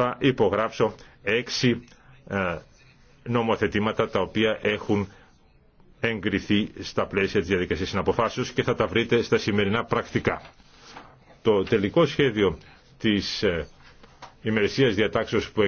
θα υπογράψω έξι ε, νομοθετήματα τα οποία έχουν εγκριθεί στα πλαίσια της διαδικασίας συναποφάσεως και θα τα βρείτε στα σημερινά πρακτικά. Το τελικό σχέδιο της ε, ημερησίας διατάξεως που